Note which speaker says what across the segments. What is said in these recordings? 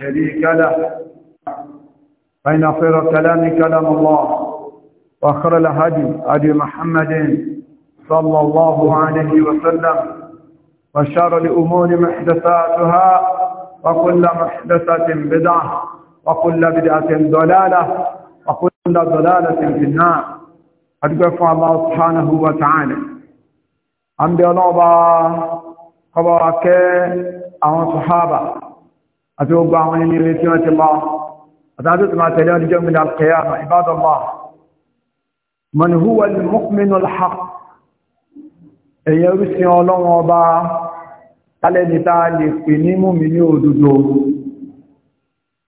Speaker 1: هذه له فإن خير الكلام كلام الله وخير الهدي هدي محمد صلى الله عليه وسلم وشر الأمور محدثاتها وكل محدثة بدعة وكل بدعة ضلالة وكل ضلالة في النار أدقف الله سبحانه وتعالى عند الله قبرك أو صحابه àti gbogbo àwọn nínú ilé tí wọ́n ti lọ àtàtò tí máa tẹ̀lé ọdíjọ́ mi dàkẹ́yà ìbádọ́lá man huwa al-mu'minu al-haq èyàn rúsí ọlọ́wọ́n ọba tálẹ́ni tá a lè pè ní múmi ní òdodo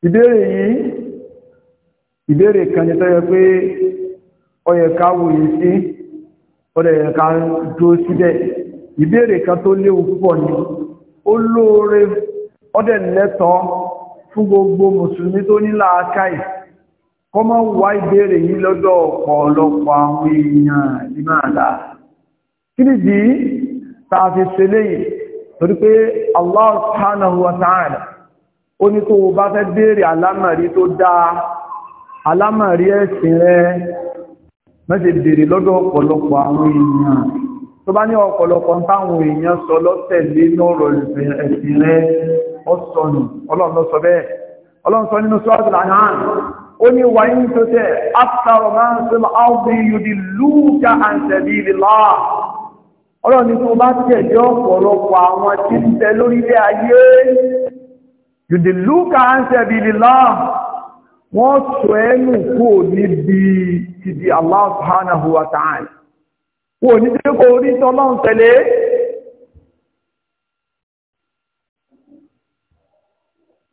Speaker 1: ìbéèrè yìí ìbéèrè kan ọdẹ lẹ́tọ́ fún gbogbo mùsùlùmí tó ní làákàì kọ́ mọ́ wá ìbéèrè yìí lọ́dọ̀ ọ̀pọ̀lọpọ̀ àwọn èèyàn nínú àlá kí nìdí tá torí pé Allah ta'ala ó ní tó bá fẹ́ béèrè alámàrí tó dáa alámàrí ẹ̀sìn rẹ mẹ́sẹ̀ béèrè lọ́dọ̀ ọ̀pọ̀lọpọ̀ àwọn èèyàn tó bá ní táwọn èèyàn sọ lọ́tẹ̀lé lọ́rọ̀ ẹ̀sìn rẹ ọ̀sọ̀nù ọlọ́run ló sọ bẹ́ẹ̀ ọlọ́run ó ní wà ní tó tẹ́ after man sọ́lá áwùdí yòdì lúùkà àǹtẹ̀bí ìlà ọlọ́run tó bá tẹ̀lé ọ̀pọ̀lọpọ̀ àwọn tí ń lórílẹ̀ ayé àǹtẹ̀bí wọ́n sọ ẹnu kò níbi ní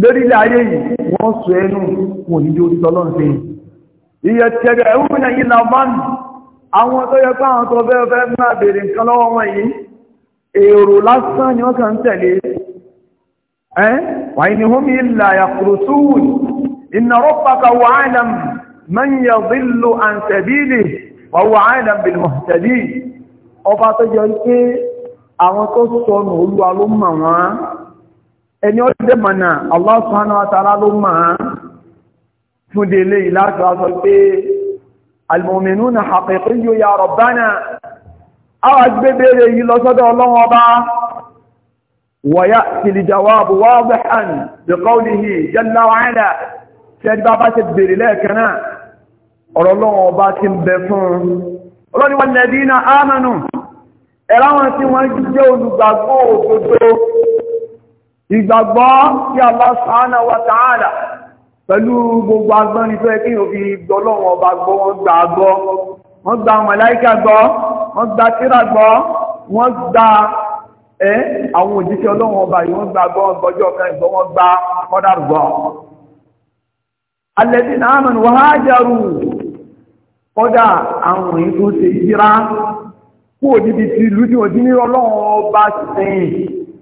Speaker 1: lórílẹ̀ ayé yìí wọ́n sọ ẹnu wọn ní orí tọ́lọ́n fi iye tẹ́rẹ ẹ̀hún ní ìlà báńdì àwọn tó yẹ pé àwọn tó bẹ́ẹ̀ fẹ́ máa bèèrè nǹkan lọ́wọ́ wọn yìí èrò lásán ni wọ́n kàn ń tẹ̀lé ẹ́ ẹni ó dé mọ̀nà Allah subhanahu wa ta'ala ló máa fún délé ìlàjọ́ aṣọ pé al-mu'minuna haqiqiyyu ya rabbana àwọn agbébèrè yìí lọ sọ́dọ̀ ọlọ́wọ́ ọba wọ̀yá tìlìjàwàbù wadihan bi qawlihi jalla wa ala tẹ́rí bá bá ìgbàgbọ́ tí Allah subhanahu wa ta'ala pẹ̀lú gbogbo agbọ́nrin tó ẹkí òfi gbọ́lọ́wọ́ ọba gbọ́ wọ́n gbà gbọ́ wọ́n gba màláíkà gbọ́ wọ́n gba tírà gbọ́ wọ́n gba ẹ́ àwọn òjíṣẹ́ ọlọ́wọ́ ọba yìí wọ́n gbà gbọ́ gbọ́jọ́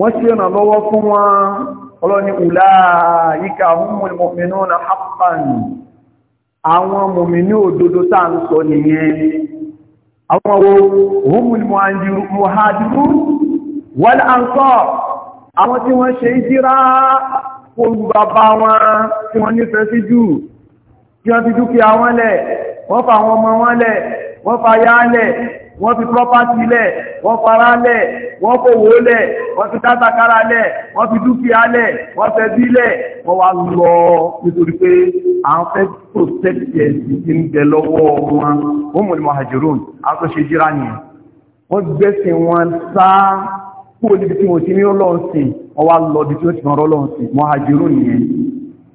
Speaker 1: wọ́n ṣe ọ̀nà lọ́wọ́ fún wọn ọlọ́ni ìlà ìkà ọmọ ìmọ̀mìnú na hapan àwọn mọ̀mìnú òdodo táà ń sọ nìyẹn àwọn ohun mọ̀hájúrú wọ́n à àwọn tí wọ́n ṣe ìjírá olùbàbá wọn tí wọ́n nífẹ̀ẹ́ wọ́n fa àwọn ọmọ wọn lẹ̀ wọ́n fa yá lẹ̀ wọ́n fi property lẹ̀ wọ́n fara lẹ̀ wọ́n fòwò lẹ̀ wọ́n fi tátàkárà lẹ̀ wọ́n fi dúkìá lẹ̀ wọ́n fẹ́ bí lẹ̀ wọ́n wá lọ nítorí pé àwọn fẹ́ protect ẹ̀sìn ti ń bẹ lọ́wọ́ wọn ó mọ̀ ní mahajirun àtúnṣe jíra nìyẹn wọ́n gbẹ́sìn wọn sáá kúrò níbi tí wọ́n ti ní ọlọ́run sìn wọ́n wá lọ bí tí wọ́n ti rán ọlọ́run mahajirun nìyẹn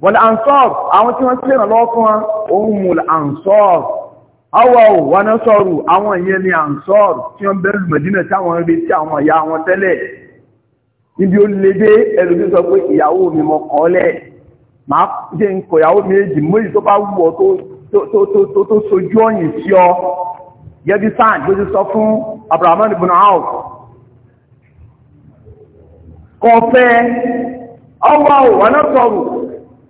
Speaker 1: wọ̀l'ansọ́r àwọn tí wọ́n tí lẹ́nà lọ́wọ́ fún wọn òun mú l'ánsọ́r awọ́ wà náà sọ́rù àwọn ìyẹn ni ànsọ́r tí wọ́n bẹ̀rù mẹ̀dínà tí àwọn rí tí àwọn ìyá wọn tẹ́lẹ̀ níbi ó lè dé ẹlùmí sọ pé ìyàwó mi mọ kọ́lẹ̀ máa jẹ́ ń kọ ìyàwó méjì méjì tó bá wù ọ tó sojú ọ̀yìn sí ọ gẹ́bí sáà ló ti sọ fún Abraham ibn Auf kọfẹ́ ọwọ́ wà náà sọ̀rù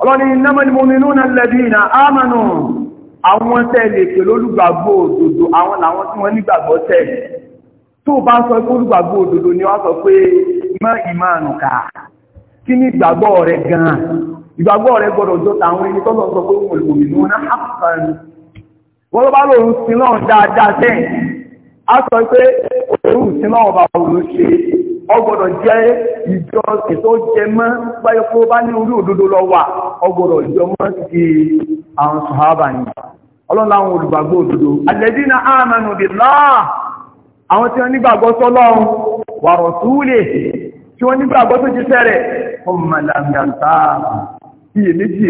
Speaker 1: ọlọ́ni innamal mu'minuna alladhina amanu àwọn tẹ́lẹ̀ pẹ̀lú olùgbàgbọ́ òdodo àwọn làwọn tí wọ́n nígbàgbọ́ tẹ́lẹ̀ tó bá sọ pé olùgbàgbọ́ òdodo ni wọ́n sọ pé mọ́ ìmánu ká kí ní ìgbàgbọ́ rẹ̀ gan-an ìgbàgbọ́ rẹ̀ gbọ́dọ̀ jọ tàwọn ẹni ọgbọ́dọ̀ jẹ́ ìjọ ètò mọ́ báyẹ̀ bá ní orí òdodo lọ wà ọgbọ́dọ̀ ìjọmọ́ ti àwọn sọ̀hábà ní ọlọ́láwọn olùgbàgbọ́ alẹ́dínà àwọn tí wọ́n nígbàgbọ́ sọ́lọ́run wa rasulih tí wọ́n nígbàgbọ́ tó ti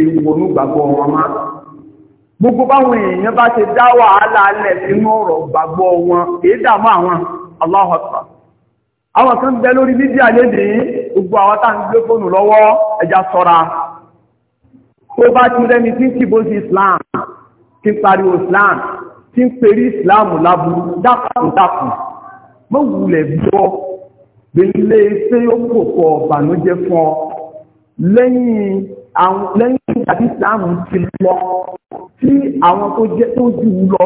Speaker 1: gbogbo báwọn èèyàn bá dá wàhálà sínú ọ̀rọ̀ gbàgbọ́ wọn èédàmọ́ àwọn àwọn kan bẹ lórí mídíà lédè gbogbo àwọn tá ń gbé fóònù lọ́wọ́ ẹja sọ́ra tó bá ti rẹni tí ń kìbó sí Islam tí ń pariwo Islam tí ń perí Islam láburú dákùndákùn mọ́ wulẹ̀ bọ́ gbélé ṣé ó pò pọ̀ bànújẹ́ fún ọ lẹ́yìn àti Islam ti lọ tí àwọn tó jẹ́ tó jù lọ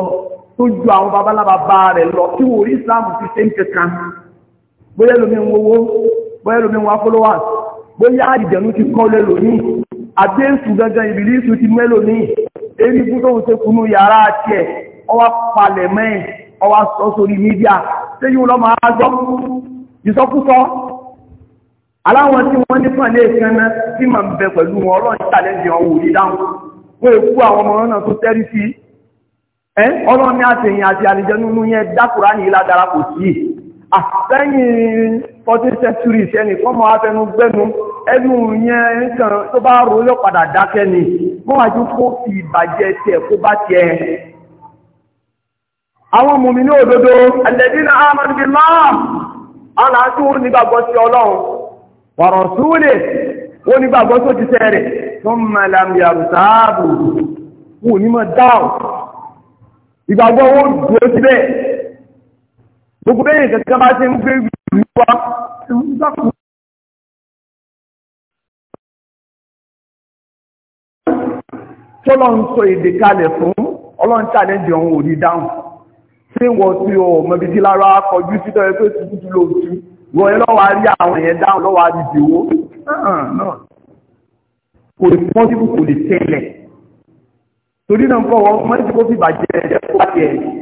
Speaker 1: tó ju àwọn babalábàbá rẹ̀ lọ tí wò rí Islam ti ṣe ń kankan bóyá lómi ń wowó bóyá lómi ń wá followers bóyá àdìjẹ̀nu ti kọ́ lẹ́lòmíì àdéhùsù gangan ìbìlísù ti mẹ́lòmíì èyí fún tóun ṣe kunu yàrá tiẹ̀ ọwá palẹ̀ mẹ́ẹ̀ ọwá sọ sórí mídíà séyìn lọ́mọ àjọ ìsọkúsọ aláwọn tí wọ́n nípa lè kanna tí màá bẹ pẹ̀lú wọn ọlọ́run tàlẹ́ǹdì ọ̀hún òní dáhùn wọ́n èkú àwọn ọmọ náà tó tẹ́rí sí ọlọ́run ní àtẹ̀yìn àti àlìjẹ́nu yẹn dákùrá ní ìlà darapọ̀ sí i àtẹ́yìn 14th century ṣẹ́ni wọ́n máa fẹnu gbẹ́nu ẹnu yẹn nǹkan tó bá rò yọ padà dákẹ́ ni wọ́n wájú kó fi ìbàjẹ́ tẹ̀ kó bá tẹ̀ àwọn mùmínì òdodo alladina amanu billah àwọn àti wọn nígbàgbọ́ sí ọlọ́run wa rasulih wọn nígbàgbọ́ sí òjíṣẹ́ rẹ̀ thumma lam yartabu wọn ò ní mọ̀ dáhùn ìgbàgbọ́ wọn dúró síbẹ̀ gbogbo bẹ́yìn kankan bá ti ń gbé ìlú wa ti ń dákùn tọ́lọ́n sọ èdè kalẹ̀ fún ọlọ́n challenge ọ̀hún òní dáhùn tí wọ́n tí ó mọ̀bí tí lára kọjú sí tọ́rẹ tó ti kújú ló tú wọ́n yẹn lọ́wọ́ rí àwọn èèyàn dáhùn lọ́wọ́ àdìdì owó kò lè pọ́n sí kò lè tẹ́lẹ̀ torí náà ń kọ́ wọn mọ́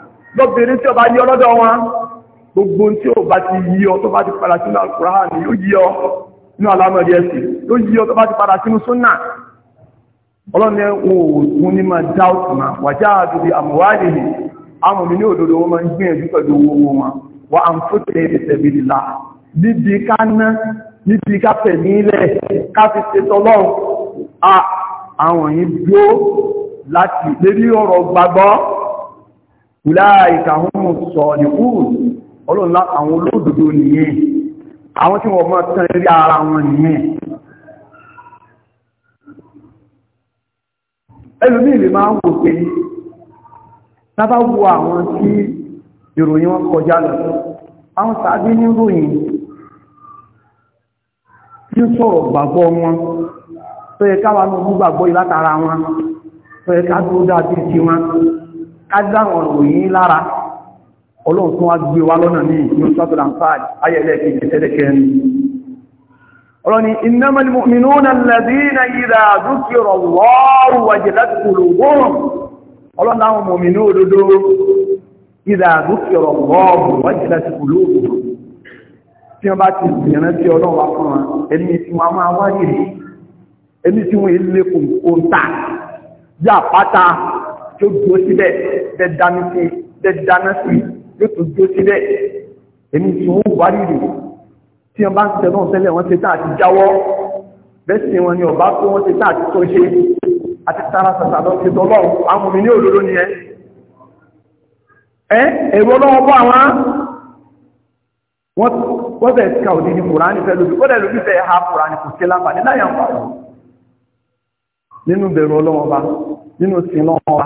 Speaker 1: lọ́bìnrin tí ọba ní ọlọ́dọ̀ wọn gbogbo tí ó bá ti yí ọ tó bá ti padà sínú alkùránì yóò yí ọ ní alámọ̀dé ẹ̀sì yóò yí ọ tó bá ti padà sínú súnà ọlọ́ni òògùn ní máa àwọn òmìnir òdòdó wọn láti lérí ọ̀rọ̀ gbàgbọ́ ìlàáìkà hún sọ nìkú ọlọ́nà àwọn olóòdòdó nìyẹn àwọn tí wọ́n máa tán rí ara wọn nìyẹn ẹlùmí ìlú máa ń wò pé tábá wo àwọn tí ìròyìn wọn kọjá lọ àwọn tàbí níròyìn tí ó sọ̀rọ̀ gbàgbọ́ wọn tó yẹ káwà ní gbàgbọ́ ìlátara wọn tó kájáwọn òyìn lára ọlọ́run tó wá gbé wá lọ́nà ní ìlú sọ́tọ̀dà fàájì ayẹlẹ́ kejì tẹ́lẹ̀kẹrin ọlọ́ni innamal mu'minuna alladhina idha dhukira Allahu wajilat qulubuhum ọlọ́nà àwọn mọ̀mìnú òdodo idha dhukira Allahu wajilat qulubuhum tí wọ́n bá ti bìnrin tí ọlọ́run wá fún wọn ẹni tí wọ́n máa wáyé ẹni tí wọ́n ilé kòǹtà bí àpáta yóò dúró síbẹ̀ bẹ́ẹ̀ dání sí bẹ́ẹ̀ dáná sí yóò tún dúró síbẹ̀ èmi tún ó wá rírì tí wọ́n bá ń tẹ̀ náà tẹ́lẹ̀ wọ́n ti tá àti jáwọ́ bẹ́ẹ̀ sì wọn ni ọ̀bá tó wọ́n ti tá àti tó ṣe àti tara sàtà lọ sí tọ́lọ́ àwọn mi ní òdodo ni ẹ ẹ èrò ọlọ́wọ́ bọ́ àwọn wọ́n bẹ̀ ká òdí ní kùránì fẹ́ lóbi kọ́dẹ̀ lóbi fẹ́ ha kùránì kò sí lápá ní nínú bẹ̀rù ọlọ́wọ́ bá nínú sin lọ́wọ́ bá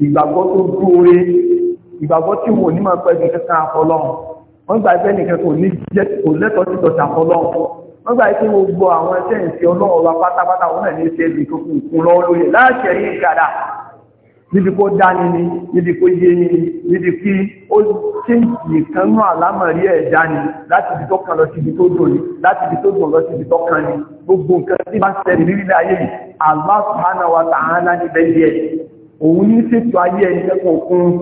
Speaker 1: ìgbàgbọ́ tó dúore ìgbàgbọ́ tí wọ́n ní máa pẹ́bí kankan àfọlọ́run wọ́n gbà ẹgbẹ́ nìkan kò ní jẹ́ kò lẹ́tọ̀ọ́ sí tọ̀tà àfọlọ́run wọ́n gbà pé gbogbo àwọn ẹsẹ̀ ń fi ọlọ́run wa pátápátá wọn náà ní ṣe ibi tó kún kún lọ́wọ́ lóye láṣẹ yìí gàdà níbi kó dání ni níbi kó yé ni níbi kí ó ṣe nìkan náà lámọ̀rí ẹ̀ dání láti ibi tó kan lọ sí ibi tó dùn ni láti ibi tó dùn lọ sí ibi tó kan ni gbogbo nǹkan tí bá ń ṣẹlẹ̀ nílẹ̀ ayé yìí Allah subhanahu wa ta'ala níbẹ̀ yẹ òun ní ṣètò ayé ẹni lẹ́kọ̀ọ́ fún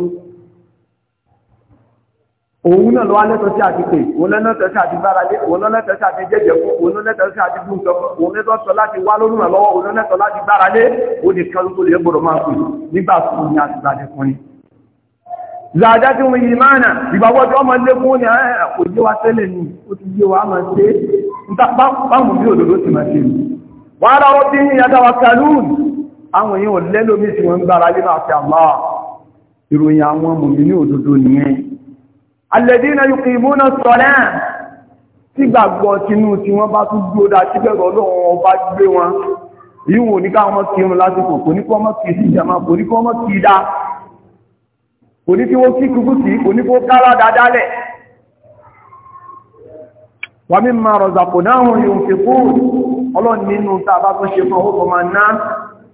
Speaker 1: òun náà lọ́wọ́ lẹ́tọ̀ọ́ sí àti pé òun lẹ́tọ̀ọ́ sí àti gbáralé òun lẹ́tọ̀ọ́ sí àti jẹ́jẹ́ fún òun lẹ́tọ̀ọ́ sí àti fún ìjọba òun lẹ́tọ̀ọ́ láti wá lórúnà lọ́wọ́ òun lẹ́tọ̀ọ́ láti gbáralé ó ní kan tó lè gbọ́dọ̀ máa pè nígbà tó ní àti gbàdé fún ni. zàdá tí wọn yìí máa nà ìgbàgbọ́ tí wọ́n máa lé fún ni kò yé wa tẹ́lẹ̀ ni ó ti yé wa máa ṣe é báwọn bí òdòdó ti àwọn èèyàn lẹ́lómi tí wọ́n ń gbára lé máa fi àmà ìròyìn àwọn mùmí ní òdodo nìyẹn alẹ́dínà yóò kìí múná sọ́lẹ́ tí gbàgbọ́ tinú tí wọ́n bá tún dúró dá sí bẹ̀rọ lọ́wọ́ ọba gbé wọn yíwò ní káwọn kí ṣe fún ọkọ̀ máa ná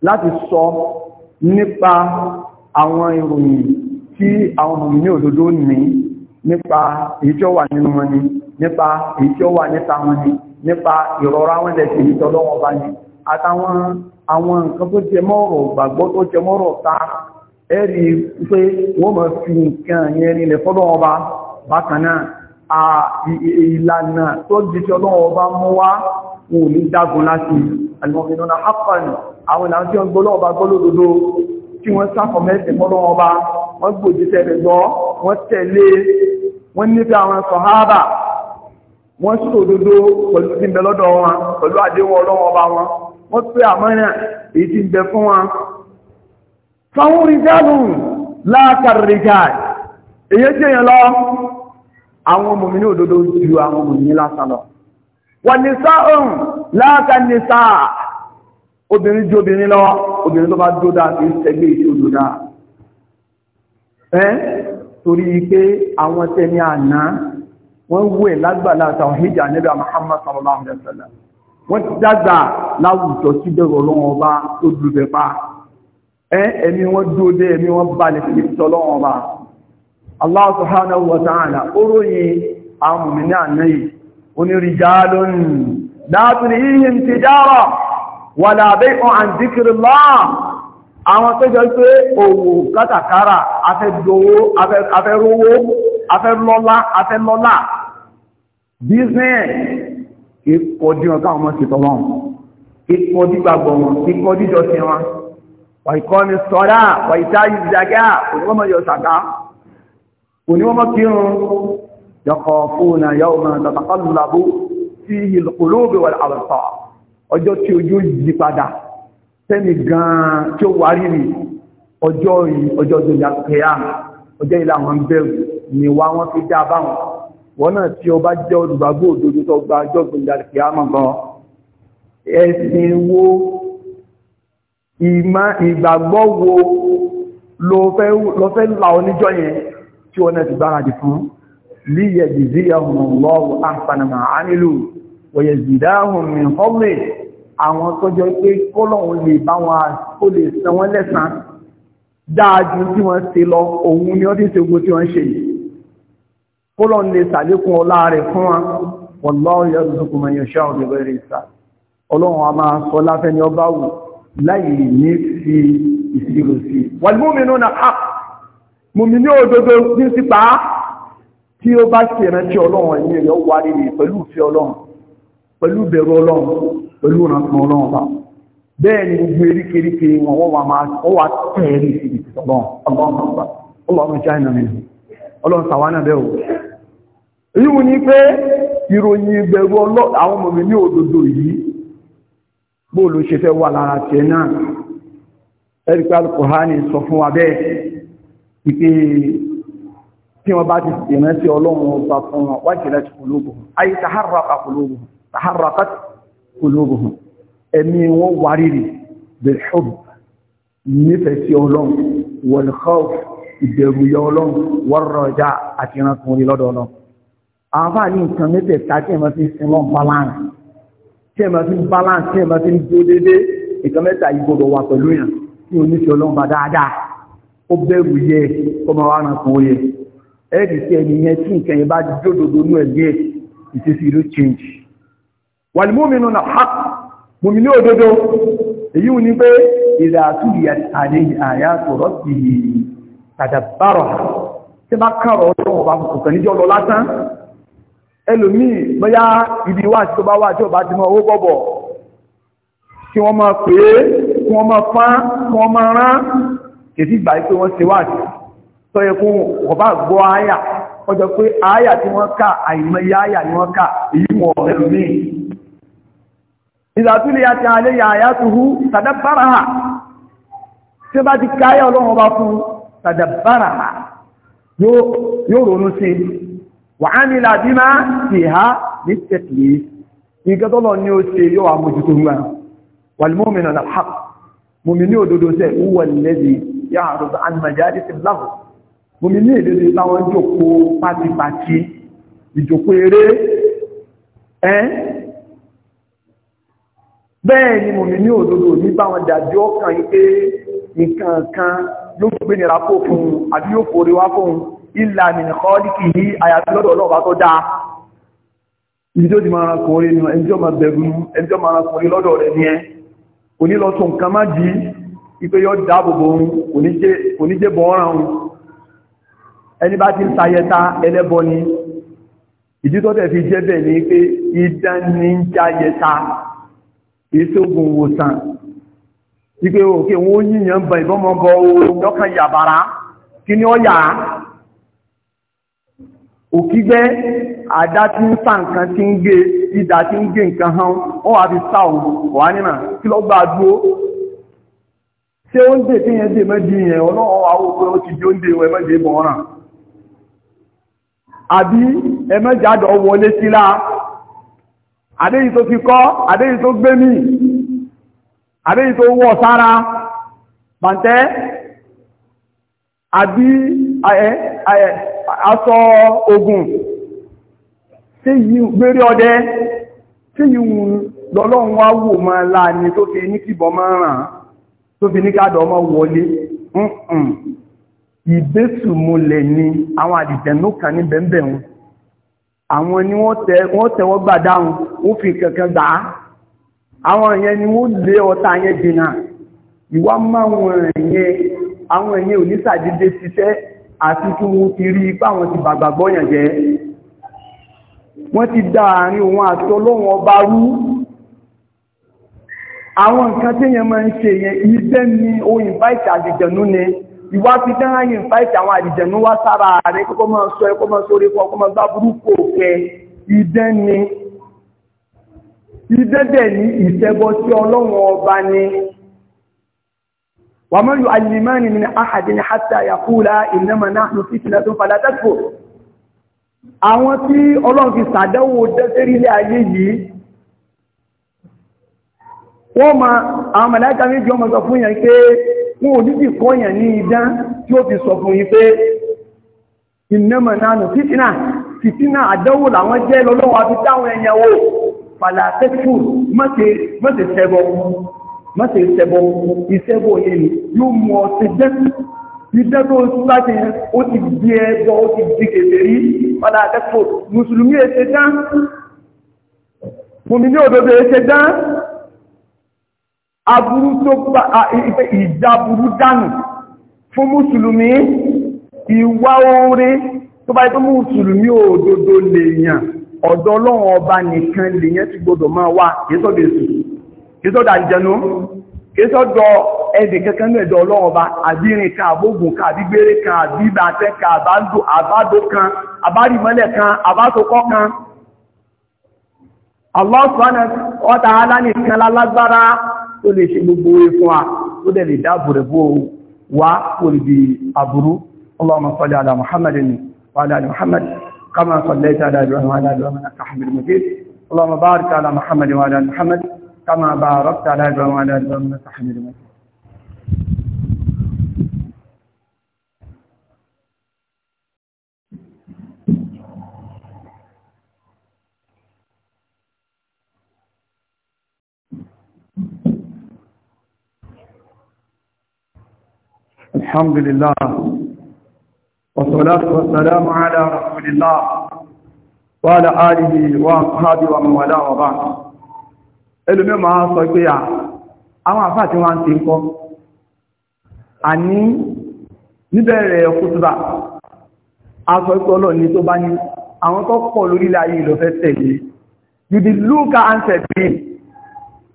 Speaker 1: láti sọ nípa àwọn ìròyìn tí àwọn ọmọ ní òdodo ní nípa èyí wà nínú wọn ni nípa èyí wà nípa wọn ni nípa ìrọ̀rọ̀ àwọn ẹ̀sẹ̀ ìtọ́lọ́wọ́ bá ní àtàwọn àwọn nǹkan tó jẹ mọ́rọ̀ gbàgbọ́ tó jẹ mọ́rọ̀ ta ẹ̀rí pé wọ́n mọ̀ fi nǹkan yẹn nílẹ̀ fọ́lọ́wọ́ bá bákan náà ìlànà tó jẹ́ tí ọlọ́wọ́ bá mú wá wọn ò ní dágun láti alìmọ̀mìnà hapani àwọn ìlànà tí wọ́n gbọ́lọ́ ọba gbọ́lódodo tí wọ́n sáfọ̀mẹ́sẹ̀ mọ́lọ́ ọba wọ́n gbòjíṣẹ́ rẹ̀ gbọ́ wọ́n tẹ̀lé wọ́n nífẹ́ àwọn sọ̀háàbà wọ́n sòdodo pẹ̀lú tí ń bẹ lọ́dọ̀ wọn pẹ̀lú àdéhùn ọlọ́wọ́ ọba wọn wọ́n pé àmọ́nà èyí tí ń bẹ fún wọn fáwọn rìjáàlù látàrìjà èyí tí èèyàn lọ àwọn mòmìnì òdodo ju àwọn mòmìnì lásán lọ wọ́n ní sáhùn láàkà ní sáà obìnrin jú obìnrin lọ obìnrin tó bá dódá kì í sẹ́gbẹ́ ìṣẹ́ òdòdá ẹ́ torí pé àwọn tẹni àná wọ́n wú ẹ̀ lágbàlá tàwàhíjà níbi Muhammad sallallahu alaihi wasallam wọ́n ti dàgbà láwùjọ sí bẹ̀rọ̀ lọ́wọ́ ọba tó dúró bẹ̀ pa onírìjálónì látùrí yíyìn ti dára wà lábẹ́ ìkan àndíkìrìlá àwọn tó jọ pé òwò kátàkárà afẹ́rówó afẹ́lọ́lá afẹ́lọ́lá business ìkọ̀dí ọ̀ká ọmọ sí tọ́wọ́n ìkọ̀dí gbàgbọ́ wọn يخافون يوما تتقلب فيه القلوب والابصار ọjọ́ tí ojú yí padà tẹ́mi gan-an tí ó wà rírì ọjọ́ yìí ọjọ́ tó yà kẹ́yà ọjọ́ ilé àwọn ń bẹ̀rù ni wá wọ́n fi dá báwọn wọ́n náà tí ó bá jẹ́ olùgbàgbó òdodo tó ليجزيهم الله احسن ما عملوا ويزيدهم من فضله àwọn tó jẹ́ pé kọ́lọ̀un lè bá wọn ó lè san wọ́n lẹ́san dáájú tí wọ́n ṣe lọ òun ni ó ti ṣe ogun tí wọ́n ṣe yìí kọ́lọ̀un lè sàlékún ọlá rẹ̀ fún wọn wallahu yarzuqu man yasha'u tí ó bá sì rántí ọlọ́run ẹ̀mí rẹ̀ wà nílé pẹ̀lú ìfẹ́ ọlọ́run pẹ̀lú ìbẹ̀rù ọlọ́run pẹ̀lú ìrànkan ọlọ́run bá bẹ́ẹ̀ ni gbogbo eríkèríkè wọn wọ́n wà tẹ̀ẹ̀rí sí ọlọ́run ọlọ́run china mi ọlọ́run sàwánà bẹ́ẹ̀ o èyí wù ní pé ìròyìn ìbẹ̀rù àwọn ọmọ mi ní òdodo yìí bóòlù ṣe fẹ́ wà lára tiẹ̀ náà ẹ̀rí pé alukóhánì tí wọ́n bá ti dènà sí ọlọ́run ọba fún wọn wajilat qulubuhum ay taharraqa qulubuhum taharraqat qulubuhum ẹ̀mí wọn wárìrì bil hubb nífẹ̀ẹ́ sí ọlọ́run wal khawf ìbẹ̀rù yọ ọlọ́run war raja àti ìrántí orí lọ́dọ̀ ọlọ́run. àwọn àní nǹkan mẹ́tẹ̀ẹ̀ta tí ẹ̀ máa fi sin lọ́n balance tí ẹ̀ máa fi balance tí ẹ̀ máa fi dúró déédéé nǹkan mẹ́ta yìí gbọdọ̀ wà pẹ̀lú yàn tí oníṣẹ́ ọlọ́run ẹ̀rì sí ẹni yẹn tí nǹkan yẹn bá jódodo ní ẹ̀mí ẹ̀ ìṣesí ìlú change na hap mọ̀mí ní òdodo èyí ni pé ìdàtúbì àti àyà tọ̀rọ̀ sí tàdàbárọ̀ tí bá kàrọ̀ ọlọ́wọ̀ bá kò kàn níjọ́ lọ lásán ẹlòmíì bóyá ibi wá sí tó bá wá tí ò bá wọ́n máa pè é kí wọ́n máa fán kí wọ́n máa rán kèsì ìgbà pé wọ́n ṣe wáàsí tó yẹ kó ọba gbọ́ àyà ọjọ́ pé àyà tí wọ́n ká àìmọye àyà ni wọ́n ká èyí wọ̀ ẹ̀rù ní ìzàtúlẹ̀ àti àlẹ́yà àyàtúhú tàdábára ha tí bá ti káyà ọlọ́run ọba fún tàdábára ha yóò ronú sí wà á nílà bí máa ha ní tẹ̀tìlẹ̀ nǹkan tó lọ ní ó ṣe Omi ní èdè táwọn jòkó pátipàti, ìjòkó eré, ẹ́ bẹ́ẹ̀ ni mòmí ní òdodo ní báwọn dàbí ọkàn ipé nǹkan kan ló gbé nira kó fún àbí yóò fòrí wá fún ìlà nìkan díkì ní àyàtúlọ́dọ̀ ọlọ́ọ̀bá tó dáa ibi tó ti máa ránkùnrin nù ẹni tí ó máa bẹ̀rù ẹni tí ó máa ránkùnrin lọ́dọ̀ rẹ̀ ní ẹ onílọ́tún nǹkan má jí ipé yọ́ dáàbòbò òun kò ní jẹ́ bọ́ ọ́ràn òun ẹni bá ti sayẹta ẹlẹ́bọ ni ìdí tó tẹ̀ fi jẹ́ bẹ̀ ni pé idán ní ń jáyẹta ìṣògùn òwòsàn wípé òkè wọn ó yíyàn bọ̀ ìbọ́mọ́bọ̀ oòrùn lọ́kàn yàbára kí ni ó yà á òkígbẹ́ àdá tí ń sá nǹkan tí ń gbé ìdá tí ń gbé nǹkan hàn ó wà fi sá òun wà nínà kí ló gbà dúó ṣé ó ń dè tí yẹn dè mẹ́dì yẹn ọlọ́wọ́ àwọn òkú ti dé ń dè wẹ́ mẹ́dì ìbọn ràn àbí ẹmẹ́jàdọ̀ wọlé sílá àdéyìí tó fi kọ́ àdéyìí tó gbé mì àdéyìí tó wọ́ sára pàntẹ́ àbí aṣọ ogun tí yìí gbérí ọdẹ tí yìí lọ́lọ́run wá wò mọ́ láàrin tó fi ní kìbọ̀ mọ́ tó fi ní kádọ̀ mọ́ wọlé ìbésùmúlẹ̀ ni àwọn àdìjẹ̀nú kan ní bẹ̀m̀bẹ̀ wọn àwọn ni wọ́n tẹ́wọ́ gbà dáhùn ó fi kankan gbà á àwọn ìyẹn ni wọ́n lé ọta yẹn jìnà ìwá máwọn ìyẹn àwọn àwọn nǹkan tí yẹn máa ń ṣe yẹn ìwà fi dáhàn yìí ń fáìtì àwọn àdìjẹ̀nú wá sára rẹ̀ kókó máa sọ ẹ kó máa sórí fún ọkọ́ máa gbá burúkú òfẹ́ idán ni idán dẹ̀ ní ìṣẹ́bọ sí ọlọ́run ọba ni wà mọ́ yóò alìmánì mi ní àhàdì ní hátà yàkúlá ìnáma náà ló fìtìlá tó fàdá tẹ́kù àwọn tí ọlọ́run fi sàdánwò dẹ́sẹ́rílẹ̀ ayé wọn ò dídì kọ́yàn ní idán tí ó fi sọ fún yí pé ìnáma nánú fìtínà fìtínà àdánwò làwọn jẹ́ lọ́lọ́wọ́ àti táwọn ẹ̀yàn wò fàlàtẹ́kù mọ́tẹ̀ sẹ́bọ̀ mọ́tẹ̀ sẹ́bọ̀ ìsẹ́bọ̀ yẹn yóò mú ọ ti jẹ́ ìdẹ́ tó láti ó ti di ẹgbọ́ ó ti di kèfèrí fàlàtẹ́kù mùsùlùmí ẹ̀ṣẹ̀ dán mùmí ní òdodo ẹ̀ṣẹ̀ dán aburú tó bá ìjáburú dánù fún mùsùlùmí ìwá oore tó bá ipé mùsùlùmí òdodo lèèyàn ọ̀dọ̀ ọlọ́run ọba nìkan lèèyàn ti gbọdọ̀ máa wà kéṣọ́dọ̀ èsù kéṣọ́dọ̀ àjẹnú kéṣọ́dọ̀ ẹ̀dẹ̀ kankan náà ẹ̀dọ̀ ọlọ́run ọba àbírin kan àbógun kan àbígbére kan àbíbà tẹ́ kan àbádó kan àbárìmọ́lẹ̀ kan àbásokọ́ kan Allah subhanahu wa ta'ala nìkan lálágbára tó lè ṣe gbogbo orí fún wa tó dẹ̀ lè dáàbò rẹ̀ bó wá olùbí àbúrú Allahumma salli ala Muhammadin wa ala ali Muhammad kama sallaita ala Ibrahim wa ala ali Ibrahim innaka Hamidum Majid Allahumma الحمد لله والصلاة والسلام على رسول الله وعلى آله وأصحابه ومن والاه وبعد ẹlùmí máa sọ pé àwọn àfáà tí wọ́n ti ń kọ́ a ní níbẹ̀rẹ̀ kútùbà a sọ pé ọlọ́ni tó bá ní àwọn tó pọ̀ lórílẹ̀ ayé ìlọ́fẹ́ tẹ̀lé yìí lúkà ánsẹ̀ bí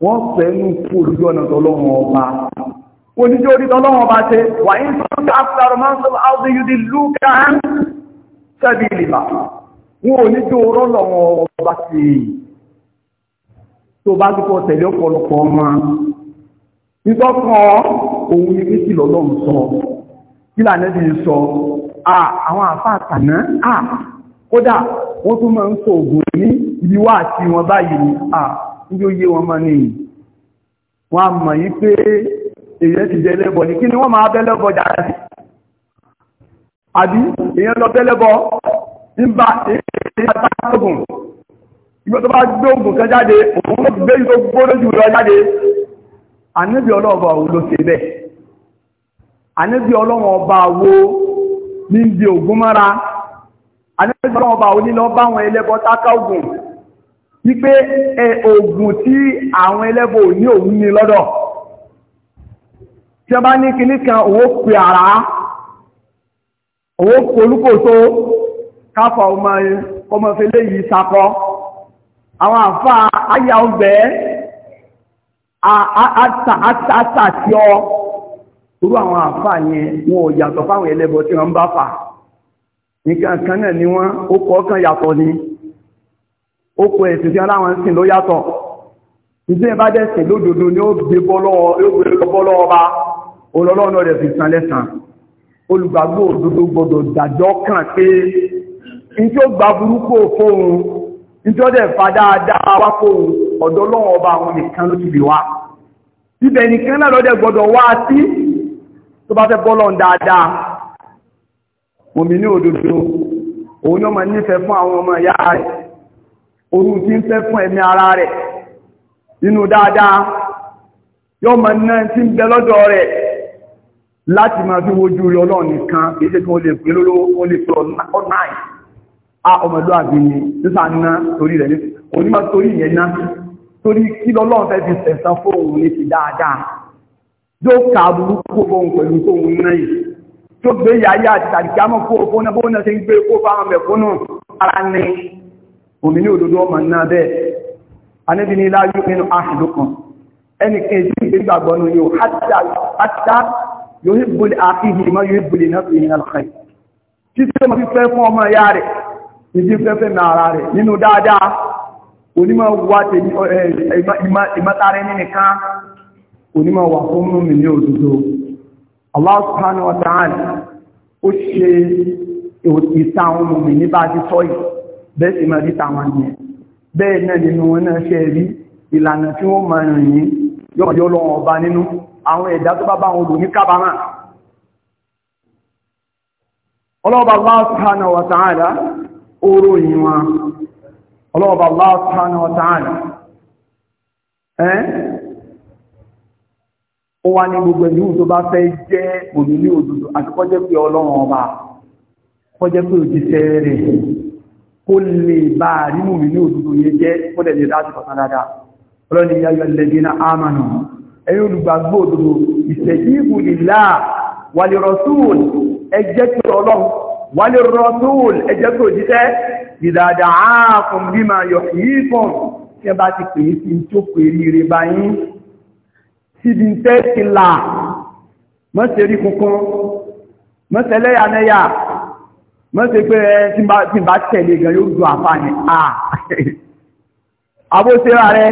Speaker 1: wọ́n fẹ́ ní kú olùgbọ́nà tọ́lọ́wọ́n ọba oníjó orí tọ́lọ́wọ́n bá ṣe wà ní sọ́nà after mansour aldi yudi luka and sẹ́bí ìlìbà wọn ò ní jó rọ́lọ́wọ́n bá ṣe tó bá dúpọ̀ tẹ̀lé ọ̀pọ̀lọpọ̀ ọmọ nítọ́kọ̀ òun ní kí sí lọ́lọ́run sọ kí lànẹ́bí sọ àwọn àfáà tàná à kódà wọ́n tún máa ń sọ ògùn ní ń wọ́n mọ̀ yí pé èyàn ti dẹ́lẹ́bọ̀ ní kí ni wọ́n máa bẹ́lẹ́bọ̀ dára sí àbí èyàn lọ bẹ́lẹ́bọ̀ ń bá ìgbàtàkùn ìgbà tó bá gbé kan jáde òun ló gbé jù lọ jáde àníbi ọlọ́ọ̀bà bẹ́ẹ̀ wo ní lọ bá àwọn táká ògùn wípé ẹ ògùn tí àwọn tí a bá ní kìíní kan owó pè àrá owó polúkòtó káfà ọmọ ọmọfẹ́lẹ́ yìí sakọ àwọn àfà ayà ọgbẹ́ àtàtì ọ orú àwọn àfà yẹn wọn ò yàtọ̀ fáwọn ẹlẹ́bọ tí wọ́n bá fà nìkan kan náà ni wọ́n ó kọ́ kan yàtọ̀ ni ó kọ ẹ̀sìn tí aláwọn sìn ló yàtọ̀ ìdí ẹ̀bá dẹ̀sìn lódodo ni ó gbé bọ́ lọ́wọ́ bá olọ́lọ́nà rẹ̀ fi san lẹ́sàn olùgbàgbọ́ òdodo gbọdọ̀ dájọ́ kàn pé in tí ó gba burúkú fóhun in tí ó dẹ̀ fa dáadáa wá fóhun ọ̀dọ̀ ọba àwọn nìkan ló náà ni ó máa nífẹ̀ẹ́ fún àwọn ọmọ ìyá rẹ̀ orun tí ń fẹ́ fún ẹ̀mí ara rẹ̀ inú dáadáa yóò máa ná tí ń bẹ lọ́dọ̀ rẹ̀ láti máa fi wojú rí ọlọ́run nìkan kìí ṣe kí lè pè lólówó wọ́n lè pè ọ̀nà ọmọlúwàbí ni sísà ná torí rẹ̀ onímọ̀ torí ìyẹn ná torí kí lọ́lọ́run fẹ́ fi sẹ̀sán fóòun ní ti dáadáa yóò ka burú kó fóòun pẹ̀lú fóòun náà yìí tó gbé yáyá àti tàbíkámọ́ fóòun náà bóun náà ṣe ń gbé kó fáwọn mẹ̀kúnnù ara ní yóò àfihì ma yóò bèèrè náà fi hìnà lọ́kàn títí ma fi fẹ́ fún ọmọ ya rẹ̀ ìdí fẹ́fẹ́ na ara rẹ̀ nínú dáadáa onímọ̀ wà tèmi ìmọ̀tara ẹni nìkan onímọ̀ wà fún mi ní òdodo Allah subhanahu wa ta'ala ó ṣe ìta àwọn ọmọ mi ní bá ti sọ yìí bẹ́ẹ̀ sì máa ìlànà tí wọ́n máa rìn yìí yọ́ àwọn ẹ̀dá tó bá bá wọn lò ní kábàmà ọlọ́ọ̀bà Allah subhanahu oró yìí ọlọ́ọ̀bà wa ẹ́ ní gbogbo ìlú tó bá fẹ́ jẹ́ òmìnirí òdòdó àti kọjẹ́ pé ọlọ́run ọba kọjẹ́ pé òjíṣẹ́ rẹ̀ kó lè bá rí òmìnirí yẹ jẹ́ lè dájú dáadáa ọlọ́ni ámànà ẹ̀yin olùgbàgbọ́ òdodo ìṣẹ̀jíbù ìlà wàlẹ̀ rọ̀túùl ẹjẹ́ tó ọlọ́run wàlẹ̀ rọ̀túùl ẹjẹ́ tó jíṣẹ́ ìdàdà ààkùn bí ma yọ̀ yíkùn tí ẹ bá ti pè é sí tó pè ríire báyín síbi tẹ́ ti là mọ́sẹ̀rí kankan mọ́sẹ̀lẹ́yàmẹ́yà mọ́sẹ̀ pé ẹ tí bá tẹ̀lé gan yóò dùn àfáàní àà àbóṣẹ́ra rẹ̀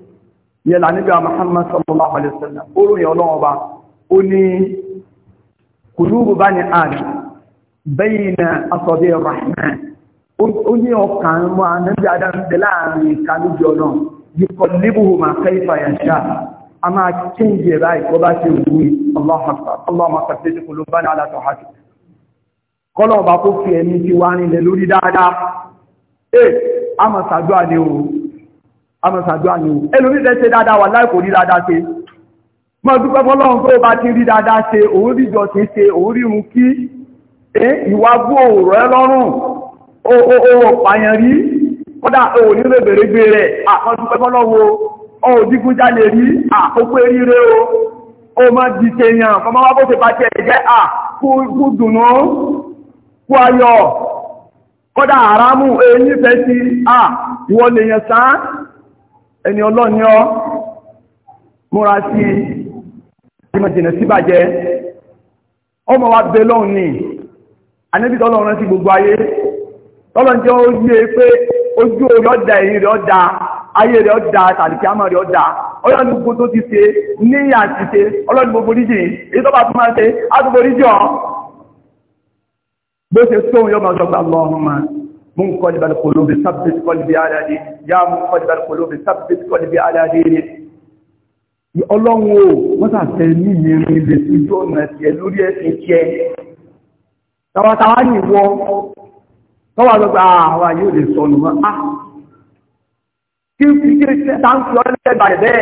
Speaker 1: yẹn lànàbí Muhammad sallallahu alaihi wasallam orin ọlọ́wọ́ bá ó ní kùlúùbù bá ní ààrẹ bẹ́yìn na asọ̀bí rahman ó ní ọkàn mọ́ anábí adáńtẹ́ láàrin ìkàlùjọ náà yíkọ̀ níbùhù máa fẹ́ ìfà yàṣá a máa kíńjì ẹ̀rá ìkọ́ bá ṣe wù ú Allahumma kàfẹ́ ti kùlú bá ní alátọ̀ amọ̀sàjọ́ àyò ẹlòmí fẹ́ ṣe dáadáa wà láì kò rí dáadáa ṣe mọ́ dúpẹ́ fọ́lọ́run tó bá ti rí dáadáa ṣe òun rí jọ ṣe ṣe òun rí hun kí ìwà bú òòrọ̀ ẹ lọ́rùn ó pààyàn rí kódà òun nílò ìbèrègbè rẹ̀ àwọn dúpẹ́ fọ́lọ́wọ́ ó digunjalè rí àkókò eríire o ó mọ́ di ẹni ọlọ́ni ọ́ múra sí ìmọ̀jìnà síbàjẹ́ ọmọ wa bẹ lọ́hùn ní anẹ́bí tọ́lọ́run rántí gbogbo ayé tọ́lọ́n jẹ́ ó yé e pé ojú orí ọ̀dà ẹ̀yìn rẹ̀ ọ̀dà ayé rẹ̀ ọ̀dà tàbí kí á mọ̀ rẹ̀ ọ̀dà ọlọ́ni gbogbo tó ti ṣe ní àṣìṣe ọlọ́ni gbogbo oríjì منقلب القلوب ثبت قلبي على دينك يا منقلب القلوب ثبت قلبي على دينك ọlọ́run o wọ́n sàtẹ ní ìrìn ilẹ̀ tí ó ọ̀nà tí ẹ lórí ẹ̀sìn tí ẹ tàwátàwá ní ìwọ tọ́wà lọ́gbà àwà yóò lè sọnù wọn á ah! kí n fi kí ta ń fi ọlẹ́ bàrẹ̀ bẹ́ẹ̀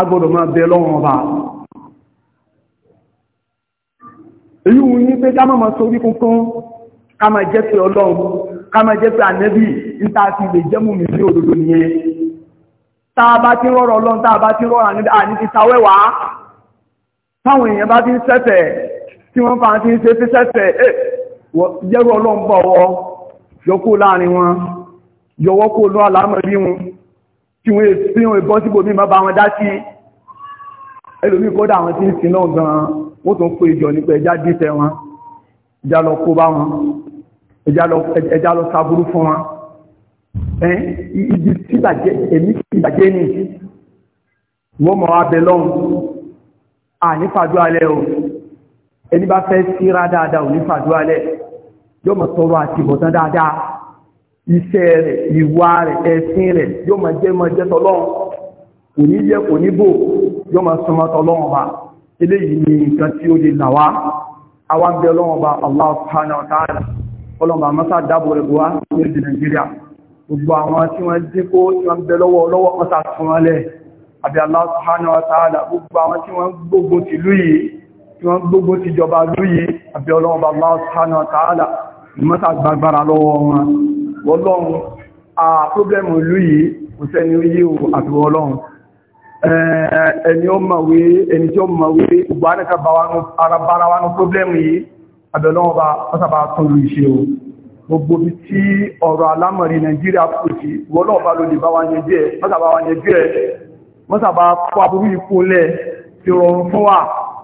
Speaker 1: agbọ́dọ̀ máa ká máa jẹ́ pé ọlọ́run ká máa jẹ́ pé ànẹ́bì níta ti lè jẹ́mù mi ní òdodo nìyẹn tá a bá rọrọ ọlọ́run tá a bá ti rọrọ àní ti sawẹ́wà táwọn èèyàn bá ti ń sẹ́fẹ̀ tí wọ́n fàá ti ń ṣe sẹ́fẹ̀ yẹ́rù ọlọ́run bọ̀ wọ́ yọkó láàrin wọn yọwọ́ kó lọ́ àlámọ̀rí wọn tí wọ́n fi hàn ìbọn síbò mímọ́ bá wọn dá sí ẹlòmí kódà àwọn tí ń sin gan-an wọ́n tún pé ìjọ nípa ẹjá dìtẹ̀ wọn ìjà bá wọn ẹjá lọ sáburú fún wa ibi tí bàjẹ́ èmi tí bàjẹ́ ní wọ́n mọ̀ abẹ lọ́hùn ànífàdú alẹ́ o ẹni bá fẹ́ síra dáadáa ònífàdú alẹ́ yóò mọ̀ tọrọ àti ìbọ̀tán dáadáa iṣẹ́ rẹ̀ ìwà rẹ̀ ẹ̀sìn rẹ̀ yóò mọ̀ jẹ́ mọ̀ jẹ́ tọlọ́hùn kò ní yẹ kò ní bò yóò mọ̀ sọmọ tọlọ́hùn wa eléyìí ni nǹkan tí ó lè nà wá àwọn abẹ lọ́wọ́ bá Allah subhanahu wa ta'ala ọlọ́mọ àmọ́sá dábò rẹ̀ buwá ní èdè Nàìjíríà gbogbo àwọn tí wọ́n dínkó tí wọ́n bẹ lọ́wọ́ lọ́wọ́ ọ̀sá tún wọ́n lẹ̀ àbí Allah subhanahu wa ta'ala gbogbo àwọn tí wọ́n gbógun ti lú yìí tí wọ́n gbógun ti jọba lú yìí àbí ọlọ́mọ Allah subhanahu wa ta'ala ìmọ́sá gbagbára lọ́wọ́ wọn ọlọ́run a pọ́blẹ́mù lú yìí kò sẹ́ni yí o àbí ọlọ́run ẹni ó mọ̀wé ẹni tí ó mọ̀wé gbogbo abẹ̀lọ́wọ́ bá pátábà tọrọ ìṣe o gbogbo bí tí ọ̀rọ̀ alámọ̀rí Nàìjíríà kò sí wọ́lọ́ọ̀bá ló lè bá wa yẹn díẹ̀ pátábà wa yẹn díẹ̀ mọ́sàbà kó aburú ìpínlẹ̀ ti rọrùn fún wa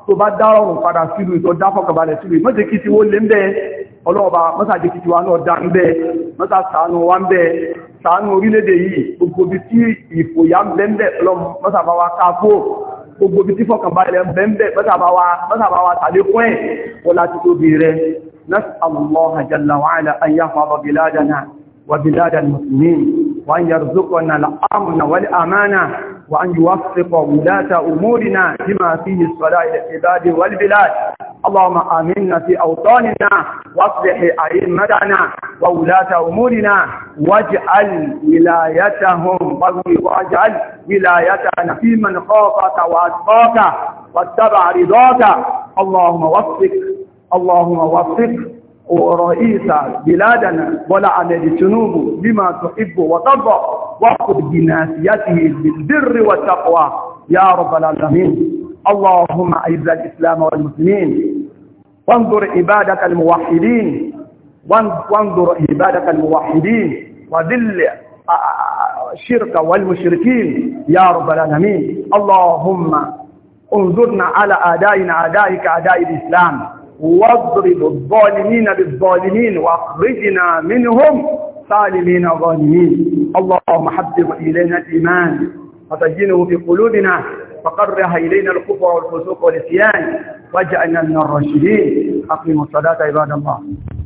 Speaker 1: tó bá dárọrùn padà sílù ìtọ́ dáfọ́kànbalẹ̀ sílù ìmọ́jẹ́ kí ti wó lé ń bẹ́ ọlọ́ọ̀bá mọ́sàjẹ́ kí ti gbogbo ibi tí fọkànbalẹ̀ bẹ́ẹ̀bẹ́ mẹ́sàbá wa tàbí kún ẹ̀ kó láti tó bí rẹ̀ nas'alullaha jalla wa ala an yahfaza biladana وأن يوفق ولاة أمورنا لما فيه الصلاة إلى العباد والبلاد اللهم آمنا في أوطاننا واصلح أئمتنا وولاة أمورنا واجعل ولايتهم واجعل ولايتنا في من خافك وأتقاك واتبع رضاك اللهم وفق اللهم وفق ورئيس بلادنا ولا على الجنوب بما تحب وترضى واخذ بناسيته بالبر والتقوى يا رب العالمين اللهم اعز الاسلام والمسلمين وانظر عبادك الموحدين وانظر عبادك الموحدين وذل الشرك والمشركين يا رب العالمين اللهم انظرنا على اعدائنا اعدائك اعداء الاسلام واضرب الظالمين بالظالمين واخرجنا منهم سالمين ظالمين اللهم حبب إلينا الإيمان وسجنه في قلوبنا فقرها إلينا الكفر والفسوق والعصيان واجعلنا من الراشدين أقيموا الصلاة عباد الله